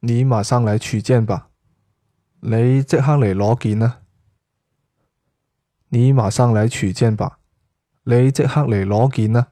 你馬上來取件吧，你即刻嚟攞件啊！你馬上來取件吧，你即刻嚟攞件啊！